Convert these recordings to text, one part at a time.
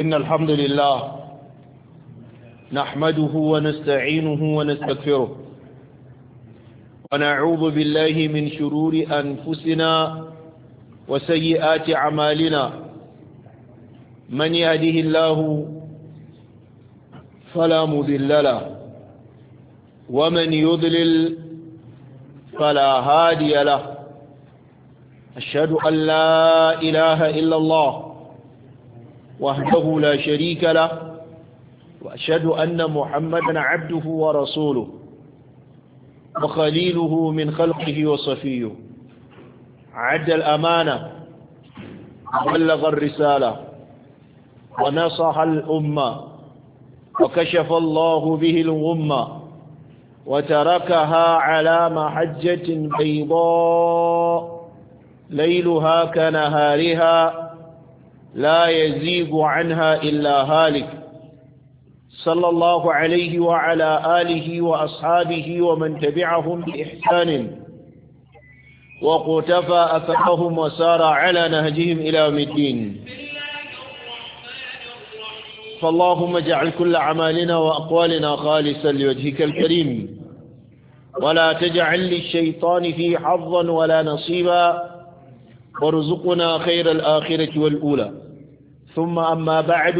إن الحمد لله نحمده ونستعينه ونستغفره ونعوذ بالله من شرور أنفسنا وسيئات أعمالنا من يهده الله فلا مذل له ومن يضلل فلا هادي له أشهد أن لا إله إلا الله وحده لا شريك له وأشهد أن محمدا عبده ورسوله وخليله من خلقه وصفيه عد الأمانة وبلغ الرسالة ونصح الأمة وكشف الله به الغمة وتركها على محجة بيضاء ليلها كنهارها لا يزيغ عنها إلا هالك صلى الله عليه وعلى آله وأصحابه ومن تبعهم بإحسان وقتفى أثرهم وسار على نهجهم إلى مدين فاللهم اجعل كل عمالنا وأقوالنا خالصا لوجهك الكريم ولا تجعل للشيطان في حظا ولا نصيبا وارزقنا خير الآخرة والأولى ثم أما بعد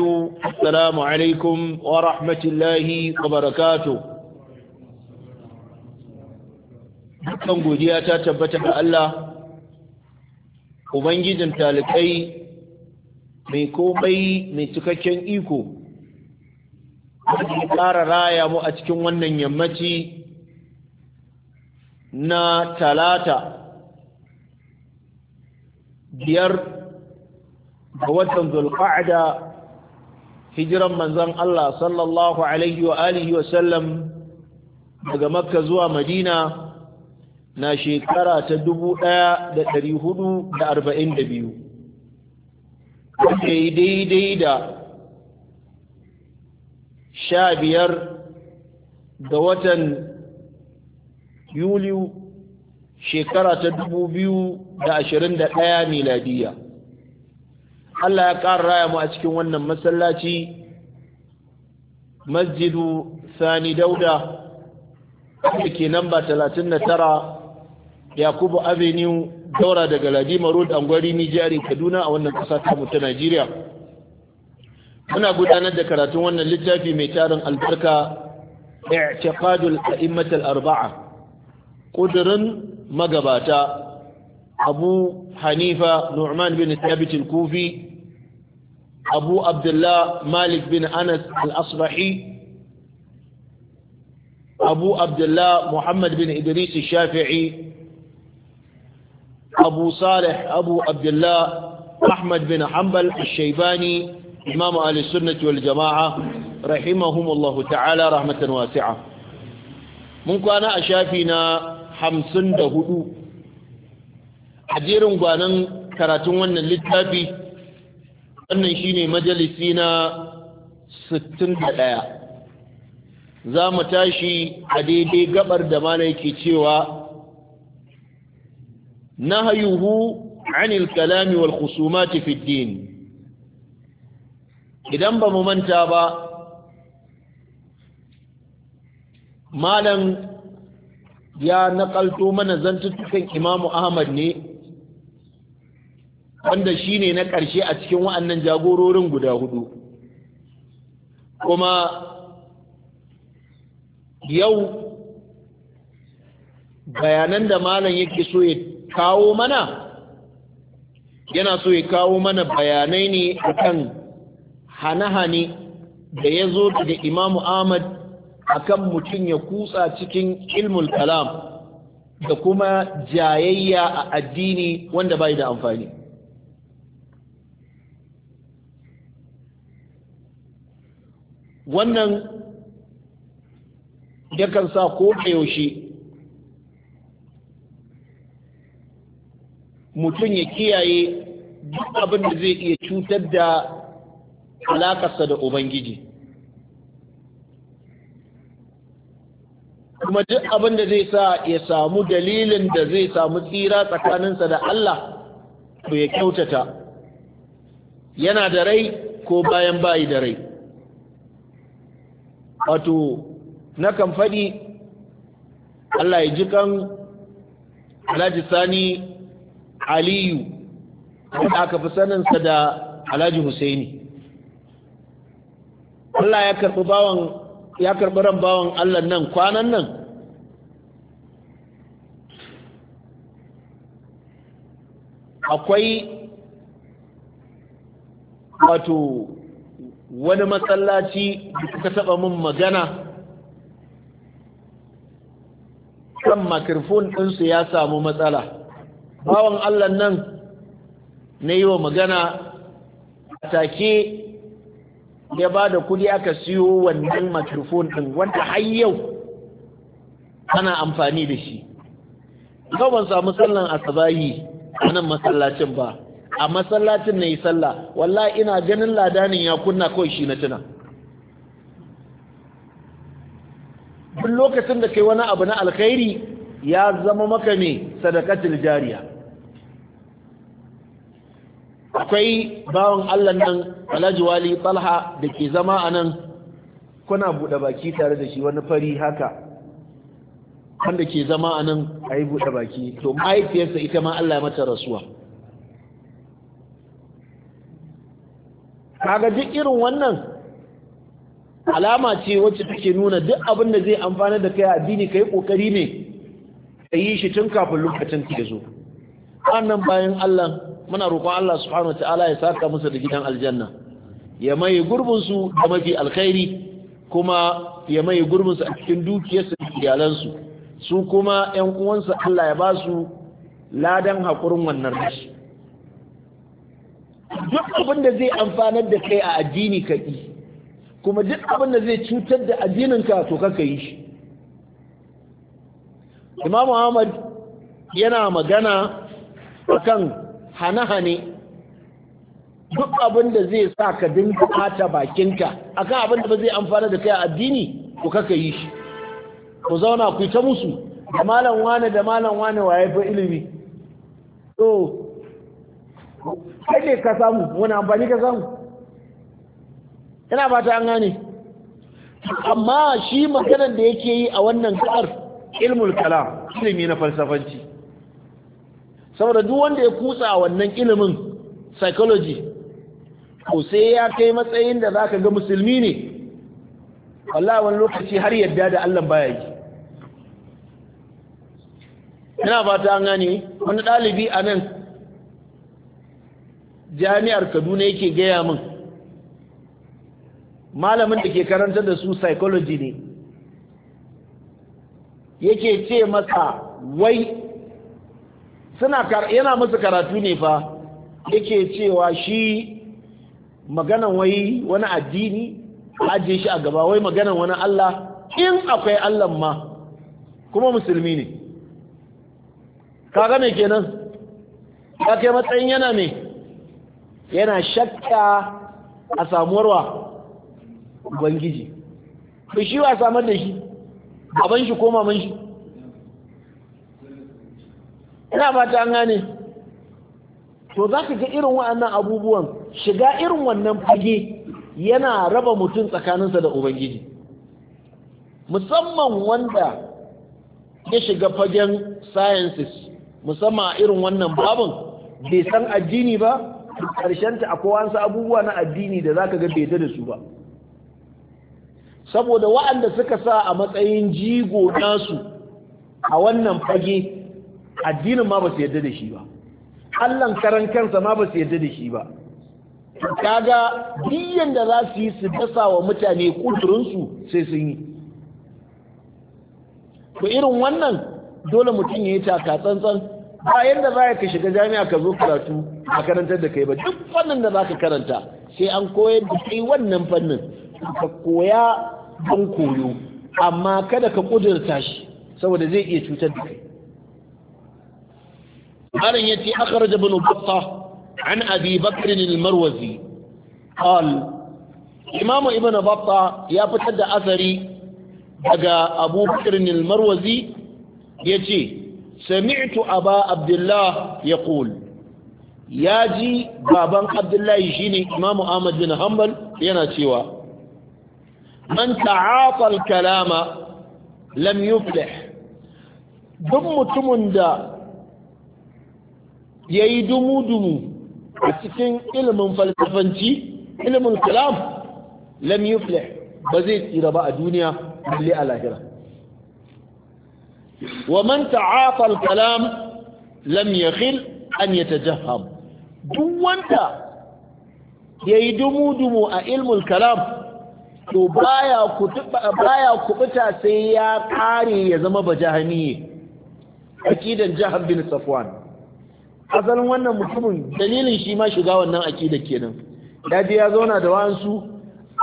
السلام عليكم ورحمة الله وبركاته dukkan godiya ta tabbata ga Allah ubangijin talikai mai komai mai cikakken iko wanda ya ƙara raya mu a cikin wannan yammaci na talata biyar ga watan zulqa'da hijiran manzon Allah sallallahu alaihi wa alihi wa sallam daga makka zuwa madina na shekara ta 1442 wanda yi daidai da sha biyar ga watan yuliyu shekara ta 2021 miladiya Allah ya ƙara raya mu a cikin wannan masallaci masjidu sani dauda da ke tara tara yakubu avenue daura daga ladima road angwari nijari kaduna a wannan ƙasa ta ta najeriya muna gudanar da karatun wannan littafi mai tarin albarka i'tiqadul a'immatul arba'a ƙudurin magabata abu hanifa nu'man bin thabit al-kufi abu abdullah malik bin anas al-asbahi abu abdullah muhammad bin idris shafi'i abu salih abu abdullah ahmad bin hambal al-shaybani imam ahli sunnah wal jama'a rahimahumullahu ta'ala rahmatan wasi'a mun kwana a shafi na hamsin da hudu a jirin gwanan karatun wannan littafi wannan shine majalisi na 61 za mu tashi a daidai gabar da mana yake cewa nahayuhu anil kalami wal khusumati fi din idan ba mu manta ba malam ya naƙalto mana zantuttukan imamu ahmad ne wanda shi ne na ƙarshe a cikin wa'annan jagororin guda hudu kuma yau bayanan da malam yake so ya kawo mana yana so ya kawo mana bayanai ne kan hane-hane da ya zo daga imamu ahmad akan mutum ya kutsa cikin ilmul kalam da kuma jayayya a addini wanda bai da amfani wannan yakan sa ko a yaushe mutum ya kiyaye duk abin da zai iya cutar da alakarsa da ubangiji kuma duk abin da zai sa ya samu dalilin da zai samu tsira tsakaninsa da Allah to ya kyautata yana da rai ko bayan bayi da rai wato na kan faɗi Allah ya ji kan Alhaji Sani Aliyu wanda aka fi saninsa da Alhaji Husaini Allah ya karɓi bawan ya karɓi ran bawan Allah nan kwanan nan akwai wato wani masallaci da kuka taɓa mun magana kan makarfon ɗinsu ya samu matsala bawan allah nan na yi wa magana take ya ba da kudi aka siyo wannan makarfon ɗin wanda har yau ana amfani da shi ban samu sallan asabari a nan masallacin ba a masallacin na yi sallah wallahi ina ganin ladanin ya kunna kawai shi na tuna duk lokacin da kai wani abu na alkhairi ya zama maka ne sadakatul jariya akwai bawan Allah nan Alhaji Wali Talha da ke zama a nan kuna buɗe baki tare da shi wani fari haka wanda ke zama anan nan a yi buɗe baki to mahaifiyarsa ita ma Allah ya mata rasuwa kaga duk irin wannan alama ce wacce take nuna duk abin da zai amfana da kai addini kai kokari ne ka yi shi tun kafin lokacin ya zo wannan bayan Allah muna roƙon Allah subhanahu wataala ya saka musu da gidan aljanna ya mai gurbin su da mafi alkhairi kuma ya mai gurbin su a cikin dukiyarsu da iyalansu su kuma ƴan uwansu Allah ya ba su ladan hakurin wannan rashi duk abin da zai amfanar da kai a addini ka yi kuma duk abin da zai cutar da addininka to kaka yi shi imam ahmad yana magana akan hane-hane duk abin da zai sa ka dinga ɓata bakinka akan abin da ba zai amfana da kai a addini to kaka yi shi ku zauna ku ta musu da malam wane da malam wane waye fa ilimi to kai ka samu wani amfani ka samu ina ba ta an gane amma shi maganar da yake yi a wannan ƙar ilmul kala ilimi na falsafanci saboda duk wanda ya kutsa a wannan ilimin psychology ko sai ya kai matsayin da za ka ga musulmi ne wallahi wani lokaci har yadda da Allah baya yi ina fata an gane wani ɗalibi a nan jami'ar kaduna yake gaya min malamin da ke karanta da su psychology ne yake ce masa wai suna yana musu karatu ne fa yake cewa shi maganan wai wani addini ajiye shi a gaba wai maganan wani Allah in akwai Allah ma kuma musulmi ne kaga me kenan ka kai matsayin yana ne yana shakka a samuwarwa ubangiji to shi wa samar da shi baban shi ko maman shi ina fata an gane to za ka ga irin wa'annan abubuwan shiga irin wannan fage yana raba mutum tsakaninsa da ubangiji musamman wanda ya shiga fagen sciences musamman irin wannan babin bai san addini ba ta akwai wasu abubuwa na addini da zaka ga bai da su ba saboda waɗanda suka sa a matsayin jigo nasu a wannan fage addinin ma ba su yarda da shi ba allah karan kansa ma ba su yarda da shi ba kaga biyan da za su yi su dasa wa mutane kudurinsu sai sun yi to irin wannan dole mutum ya yi taka tsantsan ba yadda za ka shiga jami'a ka zo karatu a karantar da kai ba duk fannin da za ka karanta sai an koyar da kai wannan fannin ka koya don koyo amma kada ka kudurta shi saboda zai iya cutar da kai malam yace akhraj ibn battah an abi bakr al-marwazi qal imam ibn ya fitar da asari daga abu bakr al-marwazi yace sami'tu aba abdullah yaqul ya ji baban abdullahi shine imamu ahmad bin hanbal yana cewa man ta'ata al-kalama lam yuflih duk mutumin da yayi dumu-dumu a cikin ilimin falsafanci ilimin kalam lam yuflih ba zai tsira ba a duniya balle a lahira wa man ta'afa al-kalam lam yakhil an yatajahham duk wanda yayi dumu a ilmul kalam to baya baya kubuta sai ya kare ya zama bajahani akidan jahab bin safwan asalin wannan mutumin dalilin shi ma shiga wannan akida kenan daji ya zauna da wa'ansu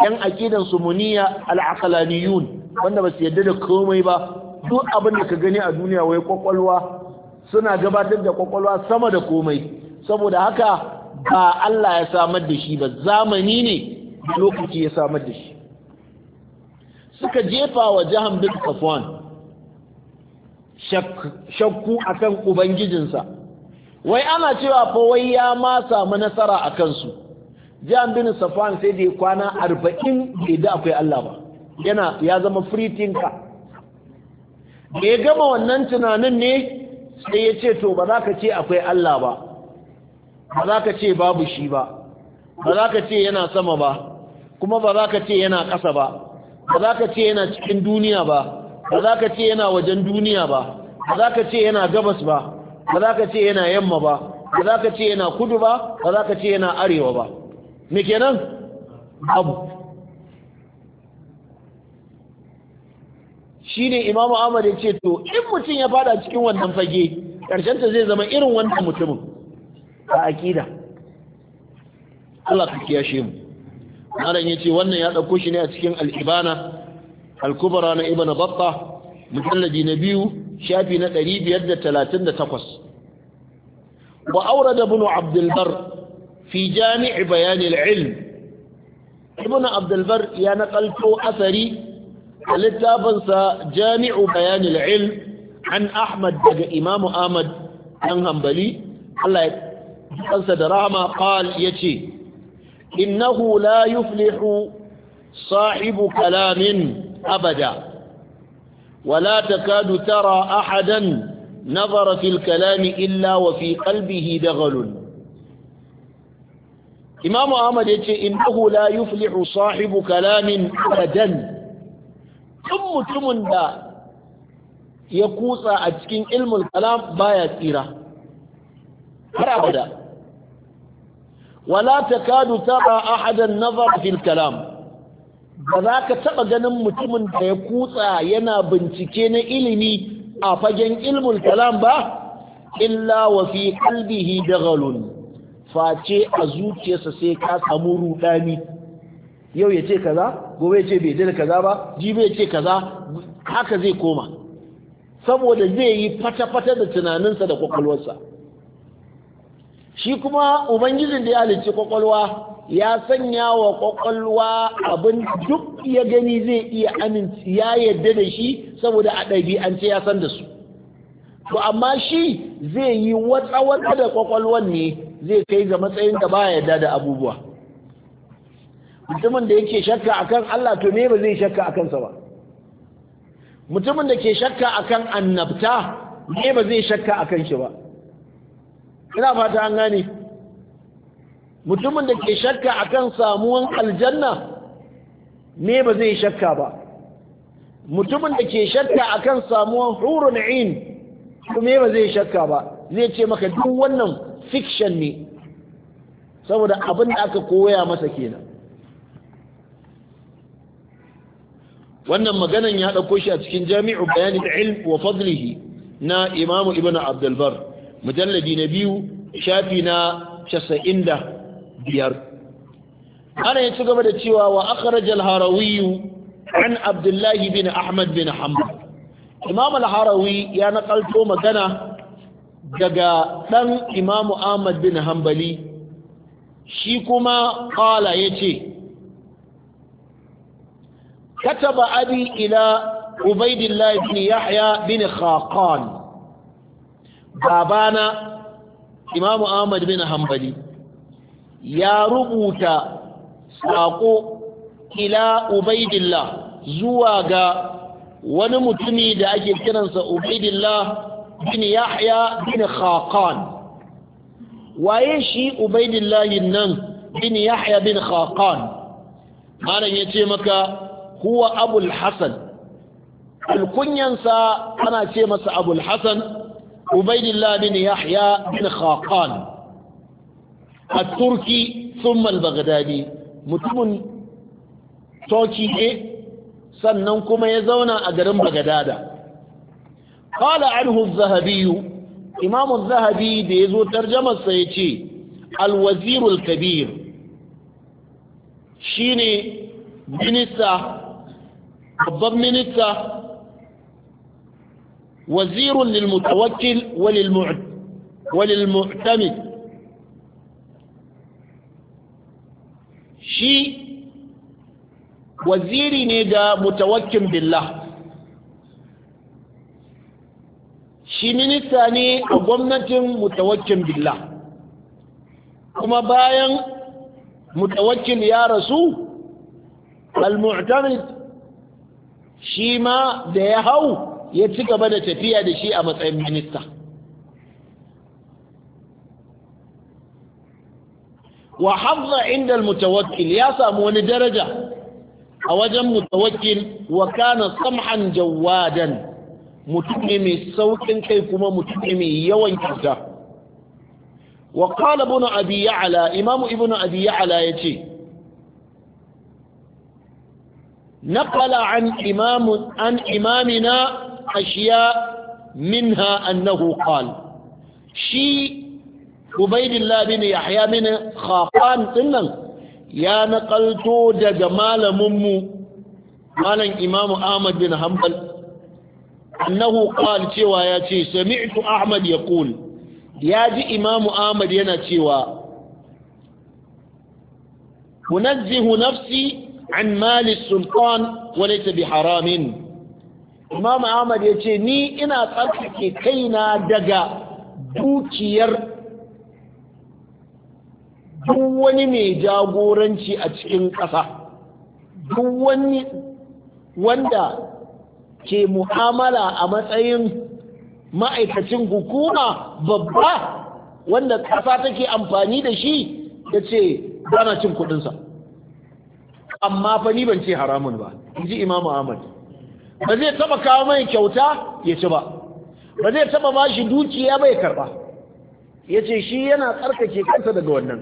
yan akidan sumuniya al-aqlaniyun wanda ba su yadda da komai ba duk abin da ka gani a duniya wai kwakwalwa suna gabatar da kwakwalwa sama da komai saboda haka ba Allah ya samar da shi ba zamani ne da lokaci ya samar da shi suka jefa wa jahan bin safwan shakku akan ubangijinsa wai ana cewa fa wai ya ma samu nasara a kansu jahan bin safwan sai da kwana arba'in bai da akwai Allah ba yana ya zama free thinker da ya gama wannan tunanin ne sai ya ce to ba za ka ce akwai Allah ba ba za ka ce babu shi ba ba za ka ce yana sama ba kuma ba za ka ce yana ƙasa ba ba za ka ce yana cikin duniya ba ba za ka ce yana wajen duniya ba ba za ka ce yana gabas ba ba za ka ce yana yamma ba ba za ka ce yana kudu ba ba za ka ce yana arewa ba me kenan abu shine imamu ahmad ya ce to in mutum ya fada cikin wannan fage ta zai zama irin wannan mutumin a akida Allah ka kiyashe mu malam yace wannan ya dauko shi ne a cikin al-ibana al-kubra na ibn battah mujalladi na biyu shafi na 538 wa awrad ibn abd al-bar fi jami' bayan al-ilm ibn abd al-bar ya naqalto asari littafinsa jami'u bayanil ilm an ahmad daga imamu ahmad dan hambali Allah ya kansa da rahama qal yace innahu la yuflihu sahibu kalamin abada ولا تكاد ترى أحدا نظر في الكلام إلا وفي قلبه دغل إمام أحمد يقول إنه لا يفلح صاحب كلام أبدا duk mutumin da ya kutsa a cikin ilmul kalam baya tsira har abada wala takadu tara ahadan nazar fil kalam ba za ka taba ganin mutumin da ya kutsa yana bincike na ilimi a fagen ilmul kalam ba illa wa fi qalbihi daghalun face a zuciyarsa sai ka samu rudani yau ya ce kaza gobe ya ce bai dina kaza ba jibi ya ce kaza haka zai koma saboda zai yi fata-fata da tunaninsa da kwakwalwarsa shi kuma ubangijin da ya halicci kwakwalwa ya sanya wa kwakwalwa abin duk ya gani zai iya aminci ya yadda da shi saboda a ɗabi'ance ya san da su to amma shi zai yi watsa-watsa da kwakwalwan ne zai kai ga matsayin da ba yadda da abubuwa mutumin da yake shakka akan Allah to ne ba zai shakka akan sa ba mutumin da ke shakka akan annabta ne ba zai shakka akan shi ba ina fata an gane mutumin da ke shakka akan samuwan aljanna ne ba zai shakka ba mutumin da ke shakka akan samuwan hurun in kuma ba zai shakka ba zai ce maka duk wannan fiction ne saboda abin da aka koya masa kenan wannan maganan ya ɗauko shi a cikin jami'u bayani ilm wa fadlihi na imamu ibn abdulbar mujalladi na biyu shafi na casa'in da biyar ana ya ci gaba da cewa wa akhraj al-harawi an abdullahi bin ahmad bin hanbal imam al-harawi ya nakalto magana daga dan imamu ahmad bin hanbali shi kuma qala yace كتب أبي إلى عبيد الله بن يحيى بن خاقان بابانا إمام أحمد بن حنبلي يا ربوتا ساقو إلى عبيد الله زواغا wani mutumi da ake kiransa ubaidillah bin yahya bin khaqan waye shi ubaidillahin nan bin yahya bin Kakan? malam yace maka huwa abul hasan alkunyansa ana ce masa abul hasan ubaidillah bin yahya bin khaqan Aturki turki thumma al-baghdadi mutumin toki ne sannan kuma ya zauna a garin bagdada qala anhu zahabiyu imamun imam zahabi da yazo zo tarjamarsa yace ce, wazir al-kabir shine minista مخضب من وزير للمتوكل وللمعد وللمعتمد شي وزيري نيدا متوكل بالله شي من الثاني قمنا متوكل بالله كما باين متوكل يا رسول المعتمد shi ma da ya hau ya ci gaba da tafiya da shi a matsayin minista wa hafza inda mutawakil ya samu wani daraja a wajen mutawakkil wa kana samhan jawadan mutum ne mai saukin kai kuma mutum ne mai yawan kyauta wa qala ibn abi ya'la imam ibn Ala ya ce. نقل عن إمام عن إمامنا أشياء منها أنه قال شي عبيد الله بن يحيى بن خاقان سنن يا نقلتو دج مالمم مالن إمام أحمد بن حنبل أنه قال سوى يا سمعت أحمد يقول يا جي إمام أحمد ينا سوى أنزه نفسي an mali sultan walaita bi haramin imam ahmad ya ce ni ina tsarkake kaina daga dukiyar duk wani mai jagoranci a cikin ƙasa duk wani wanda ke mu'amala a matsayin ma'aikacin hukuma babba wanda ƙasa take amfani da shi ya ce bana cin kudinsa amma fa ni ban ce haramun ba ji imamu ahmad ba zai taba kawo mai kyauta ya ci ba ba zai taba ba shi dukiya bai karba ya ce shi yana tsarkake kansa daga wannan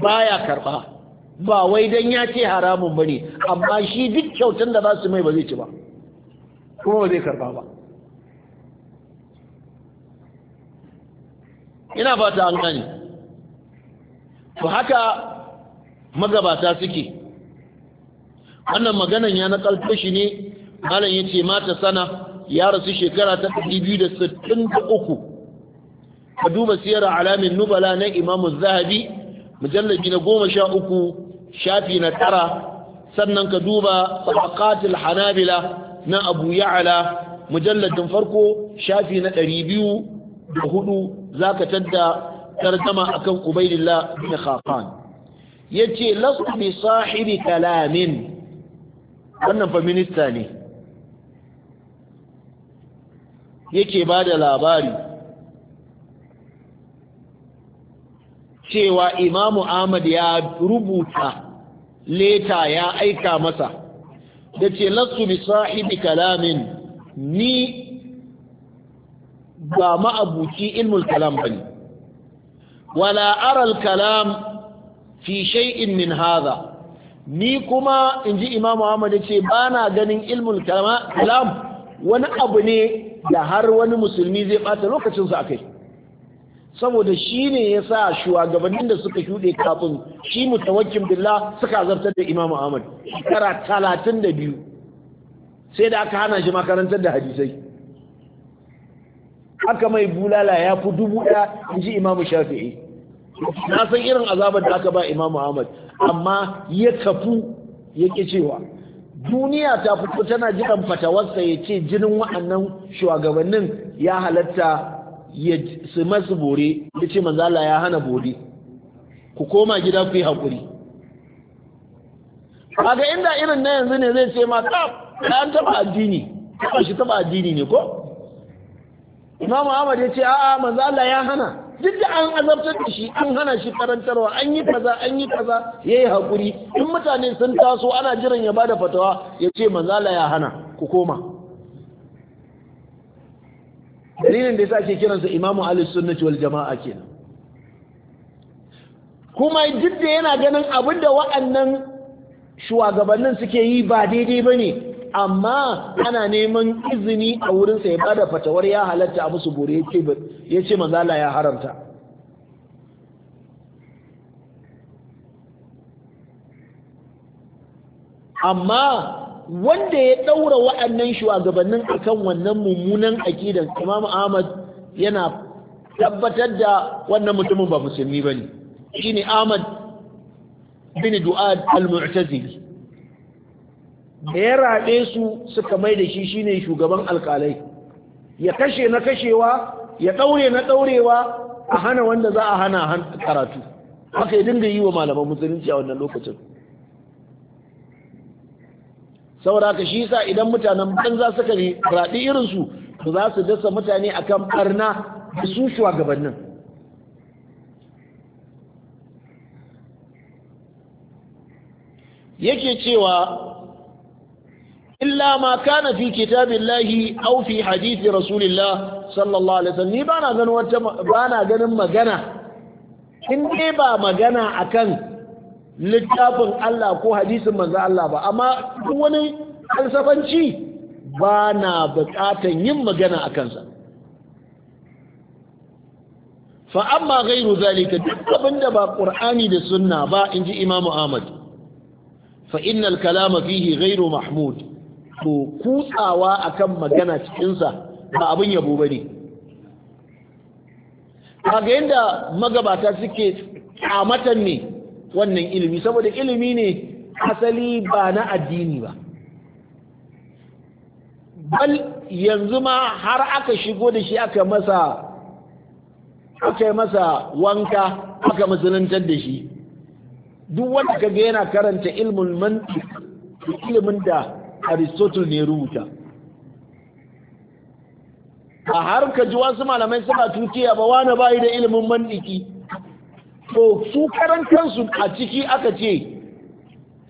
baya karba ba wai dan ya ce haramun ba ne. amma shi duk kyautan da za su mai ba zai ci ba kuma ba zai karba ba ina fata an gani. to haka magabata suke wannan maganan ya nakalto shi ne malam ya ce mata sana ya rasu shekara ta 263 ka duba siyara alamin nubala na imamu zahabi mujallabi na goma sha uku shafi na tara sannan ka duba sabakatul hanabila na abu ya'ala mujalladin farko shafi na ɗari biyu da hudu za ka tadda tarjama akan ubaidillah bin ya yace lasu bi sahibi kalamin wannan fa minista ne yake ba da labari cewa imamu ahmad ya rubuta leta ya aika masa da ce lasu bi sahibi kalamin ni ba ma'abuci ilmul kalam ba ne wala aral kalam fi shay'in min hadha ni kuma in ji imamu ya ce ba na ganin ilmul kalam wani abu ne da har wani musulmi zai ɓata lokacinsa a kai saboda shi ne ya sa shugabannin da suka shuɗe kafin shi mutawakkin billah suka zartar da imamu Ahmad shekara talatin da biyu sai da aka hana shi makarantar da hadisai aka mai bulala ya fi dubu ɗaya in ji imamu shafi'i na san irin azabar da aka ba Imam Muhammad amma ya kafu ya ƙi cewa duniya ta fito tana jiran fatawarsa ya ce jinin wa'annan shugabannin ya halatta ya su masu bore ya ce manzala ya hana bore ku koma gida ku yi haƙuri kaga inda irin na yanzu ne zai ce ma an taɓa addini taɓa shi taɓa addini ne ko Imam Muhammad ya ce a'a manzala ya hana duk da an azabtar da shi an hana shi karantarwa an yi kaza an yi kaza yayi hakuri in mutane sun taso ana jiran ya bada fatawa ya ce manzala ya hana ku koma dalilin da yasa ake kiransa imamu ali sunnati wal jama'a kenan kuma duk da yana ganin da wa'annan shugabannin suke yi ba daidai bane amma ana neman izini a wurinsa ya bada fatawar ya halatta a musu bore ya ce manzala ya haramta amma wanda ya ɗaura wa'annan shugabannin akan wannan mummunan akidan imam ahmad yana tabbatar da wannan mutumin ba musulmi ba ne shi ne ahmad bin du'ad al-mu'tazili da ya raɗe su suka mai da shi shine shugaban alkalai ya kashe na kashewa ya ɗaure na ɗaurewa a hana wanda za a hana karatu haka ya dinga yi wa malaman musulunci a wannan lokacin saboda ka shi sa idan mutanen banza suka raɗi irinsu su za su dasa mutane akan barna da su shugabannin yake cewa illa ma kana fi kitabillahi aw fi hadisi rasulillah sallallahu alaihi wasallam bana ganin wata bana ganin magana in dai ba magana akan littafin Allah ko hadisin manzo Allah ba amma duk wani falsafanci ba na bukatan yin magana a kansa fa amma gairu zalika duk abinda ba qur'ani da sunna ba inji imamu ahmad fa innal kalama fihi gairu mahmud to kutsawa kan magana cikinsa ba abin yabo ba ne kaga yadda magabata suke kyamatan ne wannan ilimi saboda ilimi ne asali ba na addini ba bal yanzu ma har aka shigo da shi aka masa aka masa wanka aka musuluntar da shi duk wanda kaga yana karanta ilimin da aristotle ne rubuta a har ka ji wasu malamai suna tukiya ba wane bayi da ilimin mandiki to su karan a ciki aka ce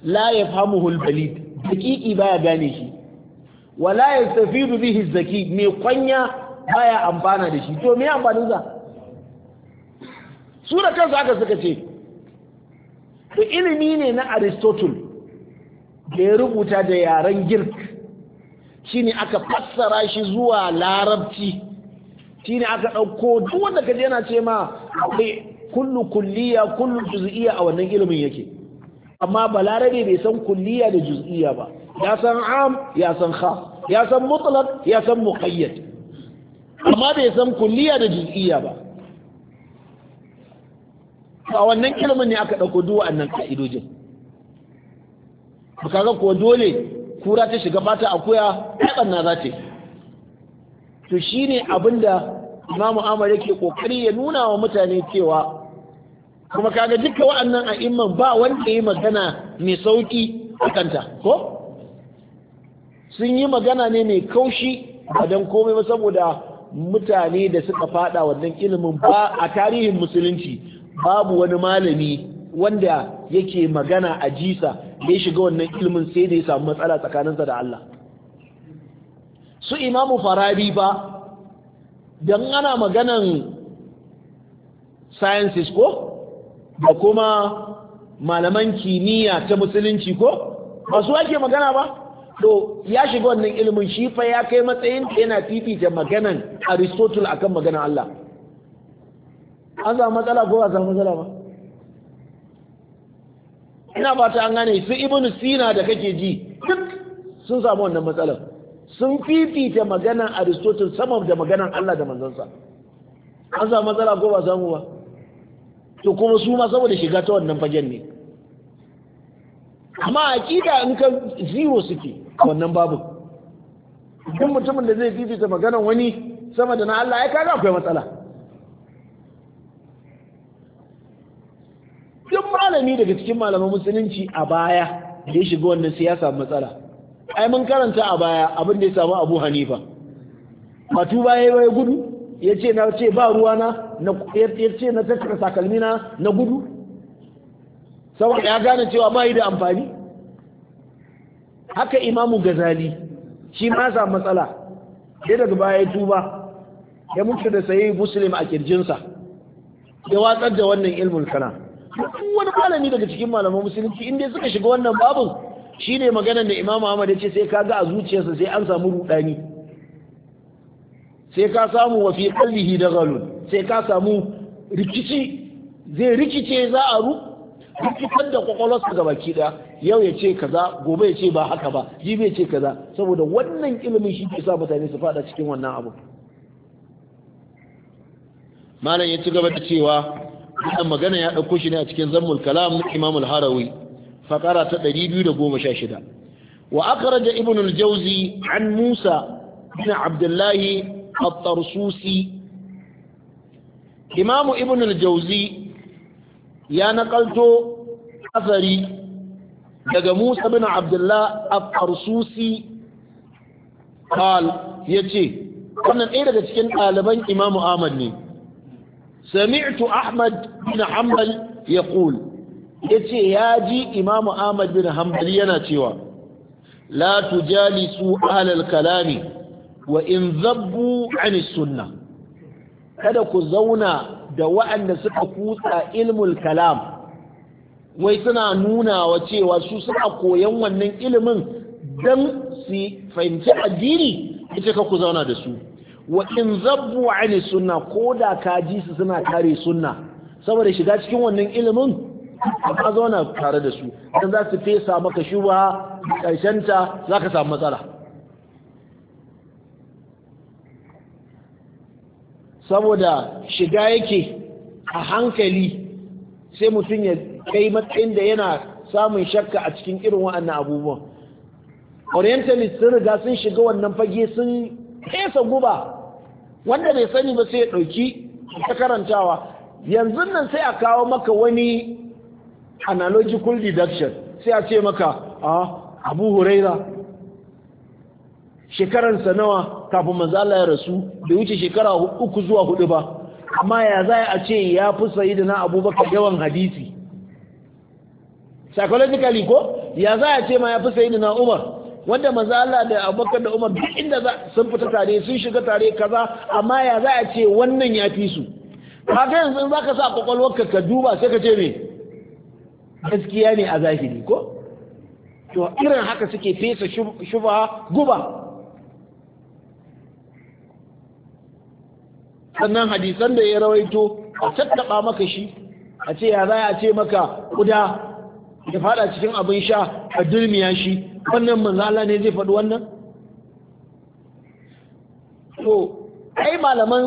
la ya famu hulbalid ba baya gane shi wala ya tafi bihi zaki mai kwanya baya amfana da shi to me amfanin za su da kansu aka suka ce to ilimi ne na aristotle da ya rubuta da yaren girk shine aka fassara shi zuwa larabci shine aka ɗauko duk wanda kaje yana ce ma akwai kullu kulliya kullu juz'iyya a wannan ilimin yake amma balarabe bai san kulliya da juz'iyya ba ya san am ya san khas ya san mutlaq ya san muqayyad amma bai san kulliya da juz'iyya ba a wannan ilimin ne aka ɗauko duk wa'annan ka'idojin to kaga ko dole kura ta shiga fata akuya ɗan na za ta to shine abinda imamu Amur yake kokari ya nuna wa mutane cewa kuma kaga duka wa'annan a'imman ba wanda yi magana mai sauki a kanta ko sun yi magana ne mai kaushi ba don komai ba saboda mutane da suka fada wannan ilimin ba a tarihin musulunci babu wani malami wanda yake magana a jisa bai shiga wannan ilimin sai da ya samu matsala tsakaninsa da Allah su imamu farabi ba don ana maganan sciences ko da kuma malaman kimiyya ta musulunci ko ba su ake magana ba to ya shiga wannan ilimin shi fa ya kai matsayin yana fifita maganan aristotle akan maganan Allah an samu matsala ko a samu matsala ba ina ta an gane su ibn sina da kake ji duk sun samu wannan matsalar sun fifita maganan aristotle sama da maganar allah da manzansa an samu matsala ko ba samu ba to kuma su ma saboda shiga ta wannan fagen ne amma aƙida in ka zero suke wannan babu duk mutumin da zai fifita maganar wani sama da na allah ya kaga akwai matsala malami daga cikin malaman musulunci a baya da ya shiga wannan siyasa matsala ai mun karanta a baya abin da ya samu abu hanifa matu baya ya gudu ya ce na ce ba ruwa na, ya ce na tattara sakalmina na gudu saboda ya gane cewa ba yi da amfani haka imamu gazali shi ma sa matsala ya daga baya tuba ya mutu da sayi muslim a kirjinsa ya watsar da wannan ilmul kalam duk wani malami daga cikin malaman musulunci inda suka shiga wannan babin shine maganar da Imam Ahmad ya ce sai kaga a zuciyarsa sai an samu rudani sai ka samu wa fi qalbihi sai ka samu rikici zai rikice za a ru rikitar da kwakwalwarsa ga baki daya yau ya ce kaza gobe ya ce ba haka ba jibi ya ce kaza saboda wannan ilimin shi ke sa mutane su fada cikin wannan abu malam ya ci gaba da cewa wannan magana ya ɗauko shi ne a cikin zammul kalam na imam al-harawi fakara ta 216 wa akhraja ibn al-jawzi an musa bin abdullah at-tarsusi imam ibn al-jawzi ya nakalto asari daga musa bin abdullah at-tarsusi qal yace wannan ɗaya daga cikin ɗaliban imam ahmad ne sami'tu ahmad bin hanbal ya ce yaji Imam ji imamu ahmad bin hanbal yana cewa la tujalisu ahlal kalami wa in zabbu an sunna kada ku zauna da wa'anda suka kutsa ilmul kalam wai suna nuna wa cewa su suna koyan wannan ilimin don su fahimci addini ita ka ku zauna da su wa in zabbu ani sunna ko da kaji ji su suna kare sunna saboda shiga cikin wannan ilimin ka zauna tare da su dan za su fesa maka shuba karshen ta ka samu matsala saboda shiga yake a hankali sai mutum ya kai matsayin da yana samun shakka a cikin irin wa'annan abubuwan orientalist sun riga sun shiga wannan fage sun Kesa guba wanda bai sani ba sai ya ɗauki ta karantawa yanzu nan sai a kawo maka wani analogical deduction sai a ce maka a ah, abu huraira shekaransa nawa kafin mazala ya rasu da wuce shekara uku zuwa hudu ba amma ya za a ce ya fi sayi da na abubakar yawan hadisi psychologically ko ya za a ce ma ya fi sayi da na umar wanda maza Allah da Abubakar da Umar duk inda sun fita tare sun shiga tare kaza amma ya za a ce wannan ya fi su kaga yanzu za ka sa kwakwalwarka ka duba sai ka ce me gaskiya ne a zahiri ko to irin haka suke fesa shuba guba sannan hadisan da ya rawaito a tattaba maka shi a ce ya za a ce maka kuda ya fada cikin abin sha a durmiya shi wannan Allah ne zai faɗi wannan to ai malaman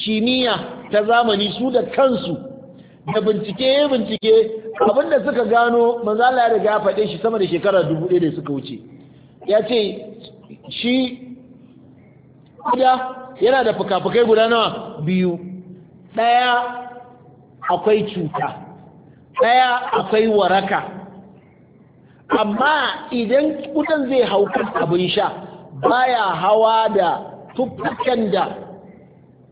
kimiyya ta zamani su da kansu da bincike ya bincike abinda suka gano Allah ya riga faɗe shi sama da shekara dubu ɗaya da suka wuce ya ce shi guda yana da fuka-fukai guda nawa biyu ɗaya akwai cuta ɗaya akwai waraka amma idan kudan zai hau abin sha baya hawa da tuffuken da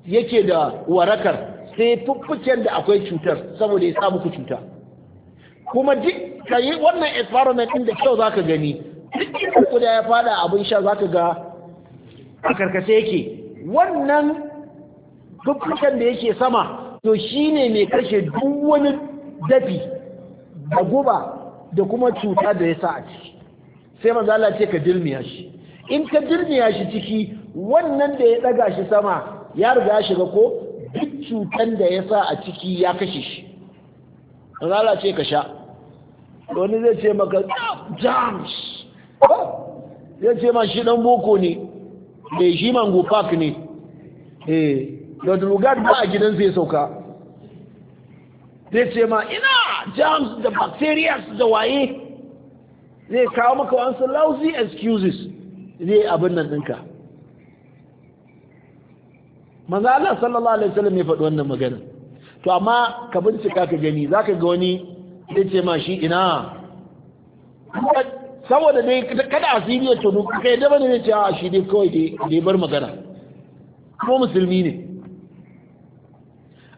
yake da warakar sai tuffuken da akwai cutar saboda ya samu ku cuta kuma duk ka yi wannan experiment ɗin da kyau za ka gani duk kuda ya fada abin sha za ka ga a karkace yake wannan tuffuken da yake sama to shine mai kashe duk wani dafi da guba da kuma cuta da ya sa a ciki sai manzo Allah ce ka dirmiya shi in ka dirmiya shi ciki wannan da ya daga shi sama ya riga ya shiga ko duk cutan da ya sa a ciki ya kashe shi manzo Allah ce ka sha wani zai ce maka jams ah, oh, zai ce ma shi dan boko ne mai eh, shi mango park ne eh da ba a gidan zai sauka zai ce ma ina germs da bacteria da waye zai kawo maka wasu lousy excuses zai abin nan ɗinka maza Allah sallallahu alaihi wasallam ya faɗi wannan magana to amma ka bincika ka gani zaka ga wani zai ce ma shi ina saboda dai kada a ya tunu kai da bane zai ce a ah, shi dai kawai dai bar magana kuma musulmi ne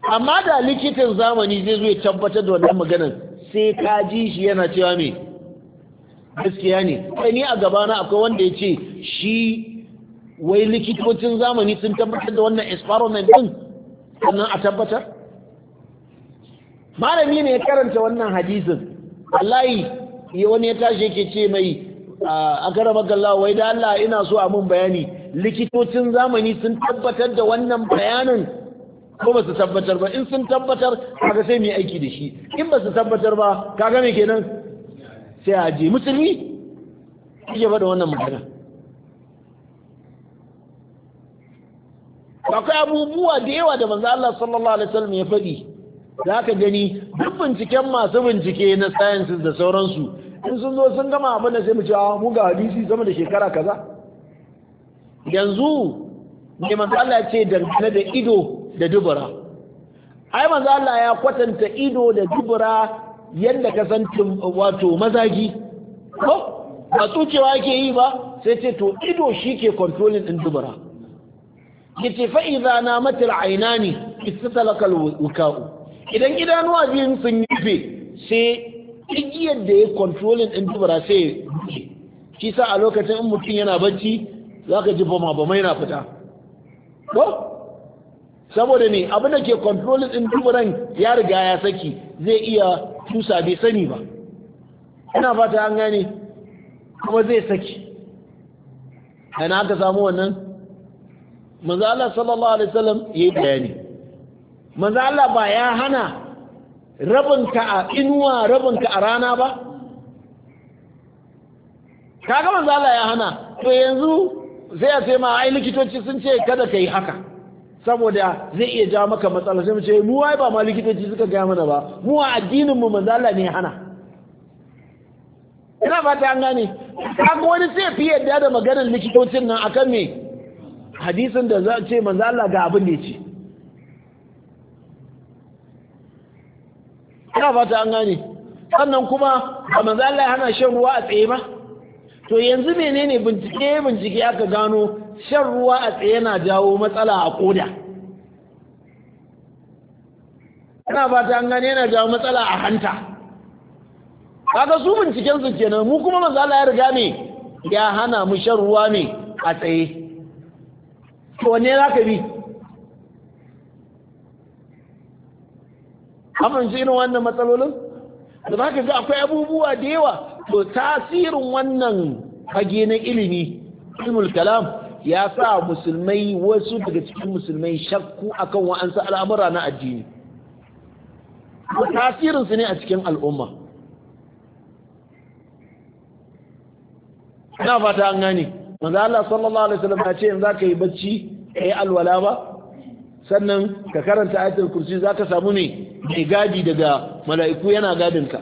amma da likitan zamani zai zo ya tabbatar da wannan maganar sai ka ji shi yana cewa me gaskiya ne kai ni a gabana akwai wanda ya ce shi wai likitocin zamani sun tabbatar da wannan experiment din sannan a tabbatar malami ne ya karanta wannan hadisin wallahi wani ya tashi yake ce mai a gara gallawa wai da Allah ina so a mun bayani likitocin zamani sun tabbatar da wannan bayanin ko ba su tabbatar ba in sun tabbatar kaga sai mu aiki da shi in ba su tabbatar ba kaga mai kenan sai a je musulmi ya faɗa wannan magana akwai abubuwa da yawa da manzo Allah sallallahu alaihi wasallam ya faɗi za ka gani duk binciken masu bincike na sciences da sauransu in sun zo sun gama abin da sai mu ce ah, mu ga hadisi sama da shekara kaza yanzu ne manzo Allah ya ce dangane da ido da dubura ai manzo Allah ya kwatanta ido da dubura yadda ka san wato mazagi ko ba tsukewa yake yi ba sai ce to ido shike ke controlling din dubura yace fa idza namat al-aynani istalaka al-wuka'u idan idanuwa biyun sun yife sai igiyar da ya controlling din dubura sai shi sa a lokacin in mutum yana bacci zaka ji bama bama yana fita ko saboda ne abin da ke controlling din duburan ya riga ya saki zai iya tusa bai sani ba ina fata an gane kuma zai saki ana aka samu wannan manzo Allah sallallahu alaihi wasallam yayi bayani manzo Allah ba ya hana rabinka a inuwa rabinka a rana ba kaga manzo Allah ya hana to yanzu sai a sai ma ai likitoci sun ce kada kai haka saboda zai iya ja maka matsala sai mu ce mu wai ba ma likitoci suka gaya mana ba mu a addinin mu manzo Allah ne hana ina fata an gane kaga wani sai fi yadda da maganar likitocin nan akan me hadisin da za ce manzo Allah ga abin da yake ina fata an gane sannan kuma ba manzo Allah ya hana shan ruwa a tsaye ba to yanzu menene bincike bincike aka gano shan ruwa a tsaye yana jawo matsala a koda ana fata an gane yana jawo matsala a hanta kaga su binciken su kenan mu kuma manzo ya riga ne ya hana mu shan ruwa ne a tsaye to wanne ka bi amince irin wannan matsalolin da zaka ga akwai abubuwa da yawa to tasirin wannan hage na ilimi ilmul kalam ya sa musulmai wasu daga cikin musulmai shakku akan wa'ansu al'amura na addini tasirinsu ne a cikin al'umma ina fata an gane wanda Allah sallallahu alaihi wasallam ya ce in zaka yi bacci kai alwala ba sannan ka karanta ayatul kursi ka samu ne mai gadi daga mala'iku yana gadin ka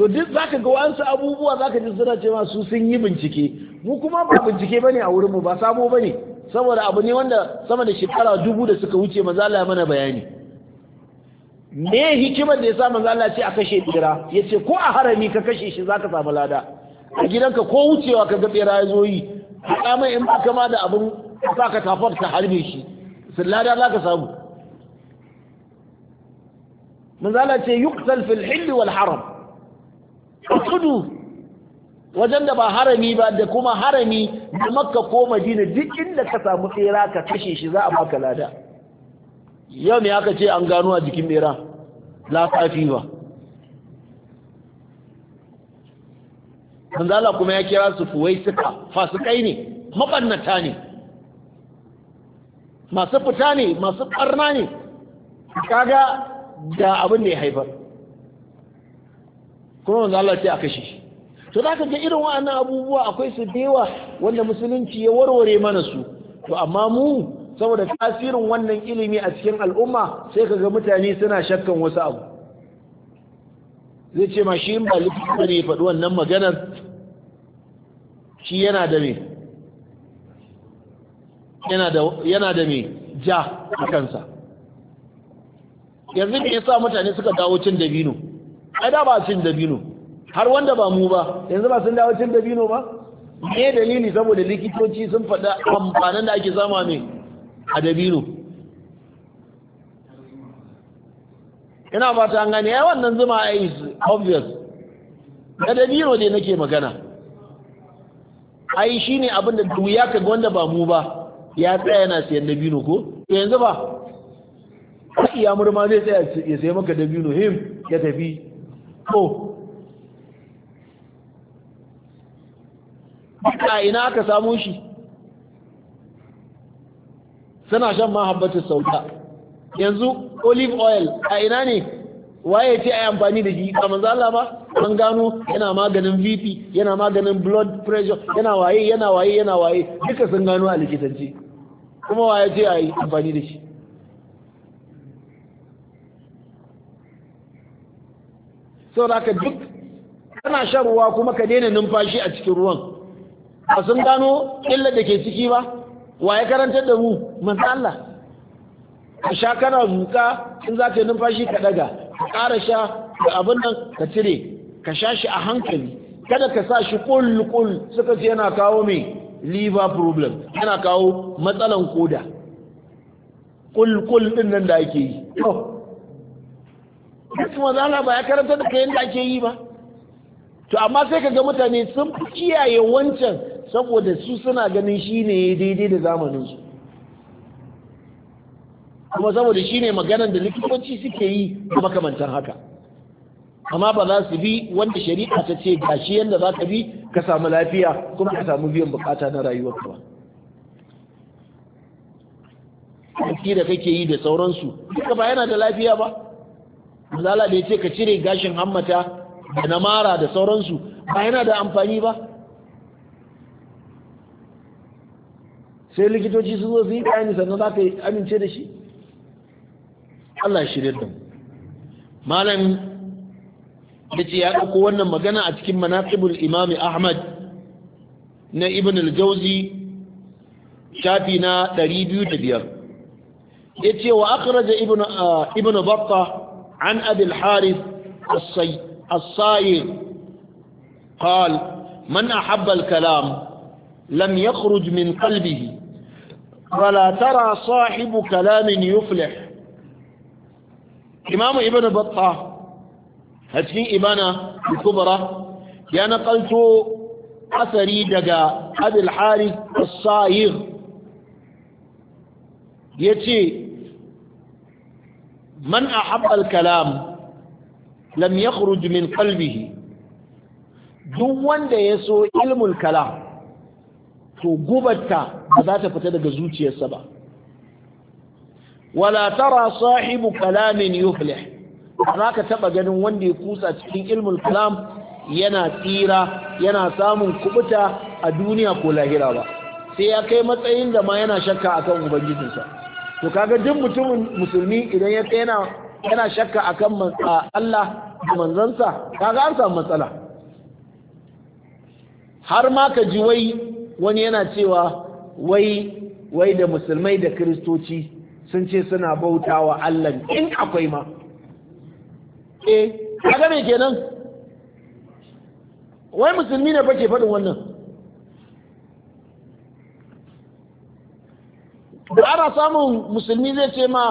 to duk za ka ga wasu abubuwa za ka ji suna cewa su sun yi bincike mu kuma ba bincike ba ne a wurinmu ba sabo ba ne saboda abu ne wanda sama da shekara dubu da suka wuce mazala ya mana bayani me hikimar da ya sa mazala ce a kashe bera ya ce ko a harami ka kashe shi za ka samu lada a gidanka ko wucewa ka ga bera ya zo yi haɗa mai in ba kama da abin sa ka tafar ta harbe shi sun lada za ka samu mazala ce yuktal fil hilli wal haram kudu wajen da ba harami ba da kuma harami da makka ko madina duk inda ka samu tsera ka kashe shi za a baka lada yau ne aka ce an gano a jikin bera lafafi ba manzala kuma ya kira su fuwai suka fasikai ne mabannata ne masu fita ne masu karna ne kaga da abin da ya haifar kuma manzo Allah a kashe shi to ka ga irin wa'annan abubuwa akwai su dewa wanda musulunci ya warware mana su to amma mu saboda tasirin wannan ilimi a cikin al'umma sai ka ga mutane suna shakkan wasu abu zai ce ma shi ba likita ne faɗi wannan maganar shi yana da me yana da me ja a kansa yanzu ne ya sa mutane suka dawo cin dabino ada da ba cin dabino har wanda ba mu ba yanzu ba sun dawo cin dabino ba me dalili saboda likitoci sun faɗa amfanin da ake zama ne a dabino ina ba ta gane ya wannan zuma a is obvious da dabino ne nake magana ai shi ne abin da ya kaga wanda ba mu ba ya tsaya yana siyan dabino ko yanzu ba iya murma zai tsaya ya sayi maka dabino him ya tafi ko ba ina aka samu shi suna shan mahabbatin sauta yanzu olive oil a ina ne waye ce a amfani da shi a manzala ba an gano yana maganin vp yana maganin blood pressure yana waye yana waye yana waye duka sun gano a likitanci kuma waye ce a yi amfani da shi saboda ka duk kana shan ruwa kuma ka daina numfashi a cikin ruwan ba sun gano illa da ke ciki ba wa ya karanta da mu manzo Allah ka sha kana zuka in za ka numfashi ka daga ka ƙara sha da abin nan ka cire ka sha shi a hankali kada ka sa shi kul suka ce yana kawo mai liver problem yana kawo matsalan koda kul-kul din nan da ake yi kuma maza ba ya karanta da kayan da ake yi ba to amma sai ka ga mutane sun kiyaye wancan saboda su suna ganin shi ne daidai da zamaninsu kuma saboda shi ne maganan da likitoci suke yi da makamantar haka amma ba za su bi wanda shari'a ta ce gashi yadda za ka bi ka samu lafiya kuma ka samu biyan bukata na rayuwarka ba aiki da kake yi da sauransu duka ba yana da lafiya ba Allah da ya ce ka cire gashin hammata da na mara da sauransu ba yana da amfani ba sai likitoci su zo su yi bayani sannan za ka amince da shi Allah shirye da mu malam ya ce ya ɗauko wannan magana a cikin manaqibul imami ahmad na ibn al-jauzi shafi na 205 ya ce wa akhraja ibn ah, ibn battah عن أبي الحارث الصاير قال من أحب الكلام لم يخرج من قلبه ولا ترى صاحب كلام يفلح إمام ابن بطة هتني إبانة الكبرى يعني قلت أثري دقاء أبي الحارث الصايغ يتي man a al-kalam lam yakhruj min duk wanda ya so ilmul kalam to gubata ba za ta fita daga zuciyarsa ba wala tara sahibu kalamin yuflih ba ka taba ganin wanda ya kusa cikin ilmul kalam yana tsira yana samun kubuta a duniya ko lahira ba sai ya kai matsayin da ma yana shakka akan ubangijinsa to kaga duk mutumin musulmi idan ya yana yana shakka akan Allah da manzansa kaga an samu matsala har ma ka ji wai wani yana cewa wai wai da musulmai da kristoci sun ce suna bautawa Allah in akwai ma eh kaga me kenan wai musulmi ne fa ke faɗin wannan da ana samun musulmi zai ce ma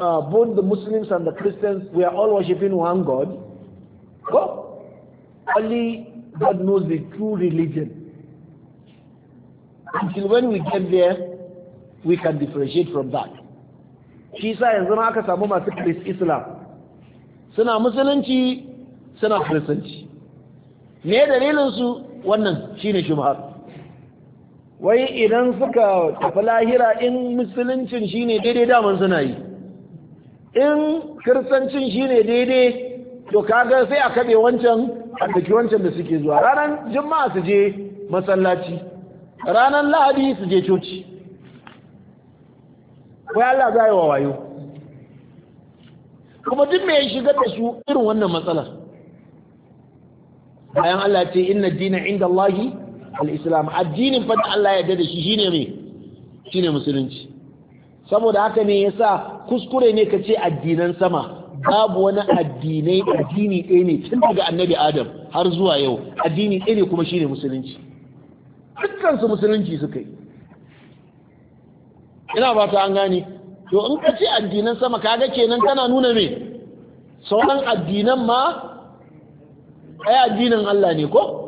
ah, both the Muslims and the Christians, we are all worshiping one God. Ko. Only God knows the true religion. Until when we get there, we can differentiate from that. Shi sa yanzu na aka samu masu kris Islam. Suna Musulunci, suna kristanci Me dalilinsu wannan shine shubhar. wai idan suka tafi lahira in musuluncin shine daidai daman suna yi in kirsancin shine daidai to kaga sai a kaɓe wancan a wancan da suke zuwa ranar juma'a su je masallaci ranar lahadi su je coci wai Allah za yi wa wayo kuma duk mai shiga da su irin wannan matsalar bayan Allah ce inna dina inda Allahi Al'islam addinin fata Allah ya yarda da shi shine mai shine musulunci saboda haka ne ya sa kuskure ne ka ce addinan sama babu wani addinai addini ɗaya ne tun daga annabi adam har zuwa yau addini ɗaya ne kuma shine musulunci dukansu musulunci suka yi ina ba ta an gane to in ka ce addinan sama kaga kenan kana nuna me sauran addinan ma ai addinin Allah ne ko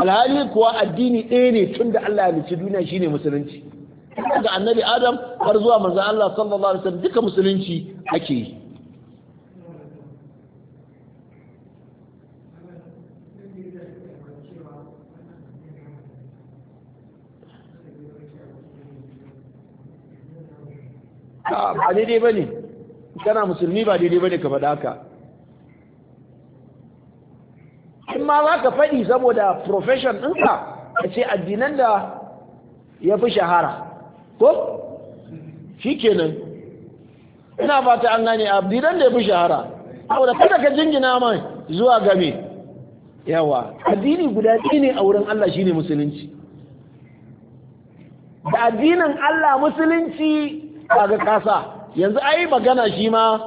alhali kuwa addini ɗaya ne tun da Allah ya nufi duniya shine musulunci daga annabi adam har zuwa manzan Allah sallallahu alaihi wasallam duka musulunci ake yi ba daidai ba ne kana musulmi ba daidai ba ne ka faɗa haka ma za ka faɗi saboda profession ɗinka a ce addinan da ya fi shahara ko shi kenan ina fata an gane addinan da ya fi shahara saboda kada ka jingina mai zuwa game yawa addini guda ne a wurin Allah shi ne musulunci da addinin Allah musulunci ga kasa yanzu ai magana shi ma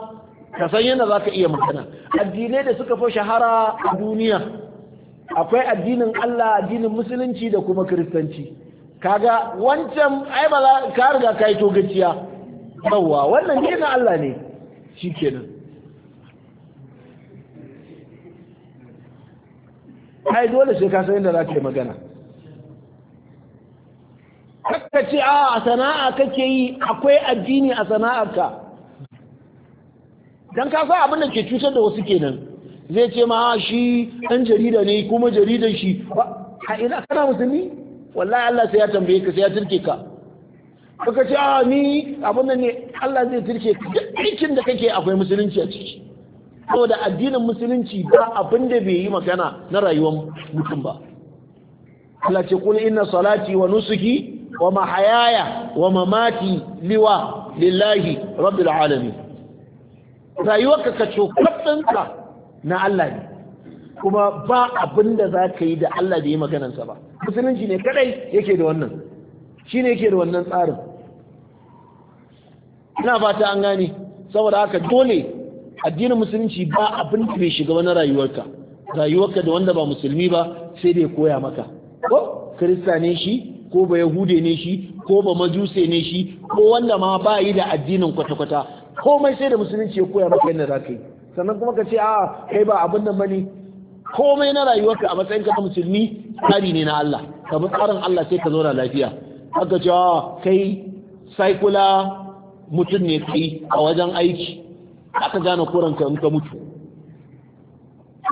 ka yadda za ka iya magana addinai da suka fi shahara a duniya akwai addinin Allah addinin musulunci da kuma kiristanci kaga wancan ai ba ka riga ka yi togaciya yawwa wannan dinin Allah ne shikenan ai dole sai ka san inda zaka yi magana kakka ce a sana'a kake yi akwai addini a sana'arka don ka san abin da ke cutar da wasu kenan zai ce ma shi ɗan jarida ne kuma jaridan shi ba a ina kana musulmi wallahi Allah sai ya tambaye ka sai ya turke ka kuka ce a ni abin nan ne Allah zai turke ka duk aikin da kake akwai musulunci a ciki saboda addinin musulunci ba abin da bai yi magana na rayuwar mutum ba Allah ce kul inna salati wa nusuki wa mahayaya wa mamati liwa lillahi rabbil alamin rayuwarka ka cokar ɗinka na Allah ne kuma ba abin da za ka yi da Allah da ya maganansa ba musulunci ne kadai yake da wannan shi ne yake da wannan tsarin ina fata an gane saboda haka dole addinin musulunci ba abin da bai shiga wani rayuwarka rayuwarka da wanda ba musulmi ba sai ya koya maka ko kirista ne shi ko ba yahude ne shi ko ba majuse ne shi ko wanda ma ba yi da addinin kwata-kwata komai sai da musulunci ya koya maka yadda za ka yi sannan kuma ka ce a kai ba abin nan bane komai na rayuwarka a matsayin ka musulmi tsari ne na Allah ka bi tsarin Allah sai ka zo da lafiya haka ce kai saikula mutum ne kai a wajen aiki aka gane kuranka in ka mutu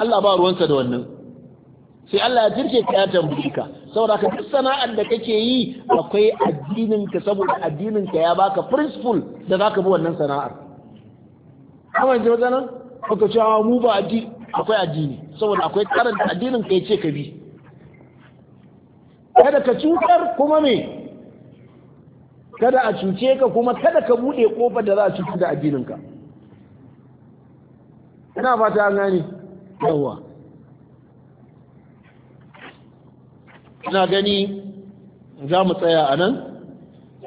Allah ba ruwansa da wannan sai Allah ya jirce ka ya tambaye ka saboda ka duk sana'ar da kake yi akwai addinin ka saboda addinin ka ya baka principle da zaka bi wannan sana'ar kamar ji wajen nan aka ce ah, mu ba addini akwai addini saboda akwai karanta addinin ka ce ka bi kada ka cutar kuma me kada a cuce ka kuma kada ka bude kofar da za a cutar da addinin ka ina fata an gani yawa ina gani za mu tsaya a nan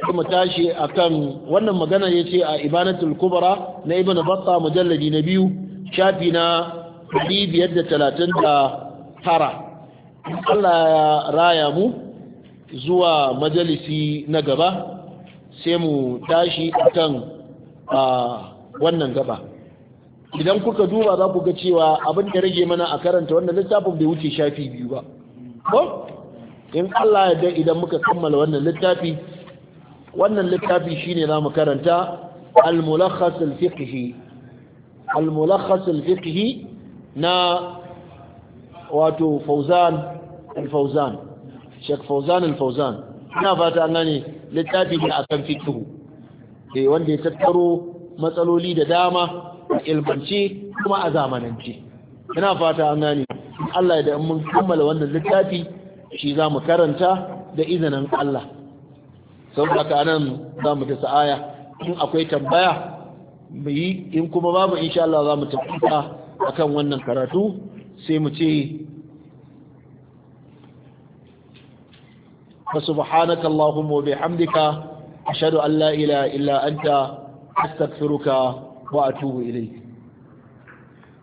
kuma tashi akan wannan magana ya ce a ibanatul kubra na ibn batta mujalladi na biyu shafi na 539 Allah ya raya mu zuwa majalisi na gaba sai mu tashi kan wannan gaba idan kuka duba za ku ga cewa abin da rage mana a karanta wannan littafin bai wuce shafi biyu ba ko in Allah ya da idan muka kammala wannan littafi wannan littafi shine za mu karanta al-mulakhas al-fiqhi al-mulakhas al-fiqhi na wato Fauzan al-Fauzan Sheikh al ina fata an gane littafi ne akan fiqh eh wanda ya tattaro matsaloli da dama a ilmance kuma a zamanance ina fata an gane Allah da mun kammala wannan littafi shi za mu karanta da izinin Allah saboda haka nan za mu ta sa'aya in akwai tambaya yi in kuma babu insha Allah za mu a akan wannan karatu sai mu ce فسبحانك اللهم وبحمدك أشهد أن لا إله إلا أنت أستغفرك وأتوب إليك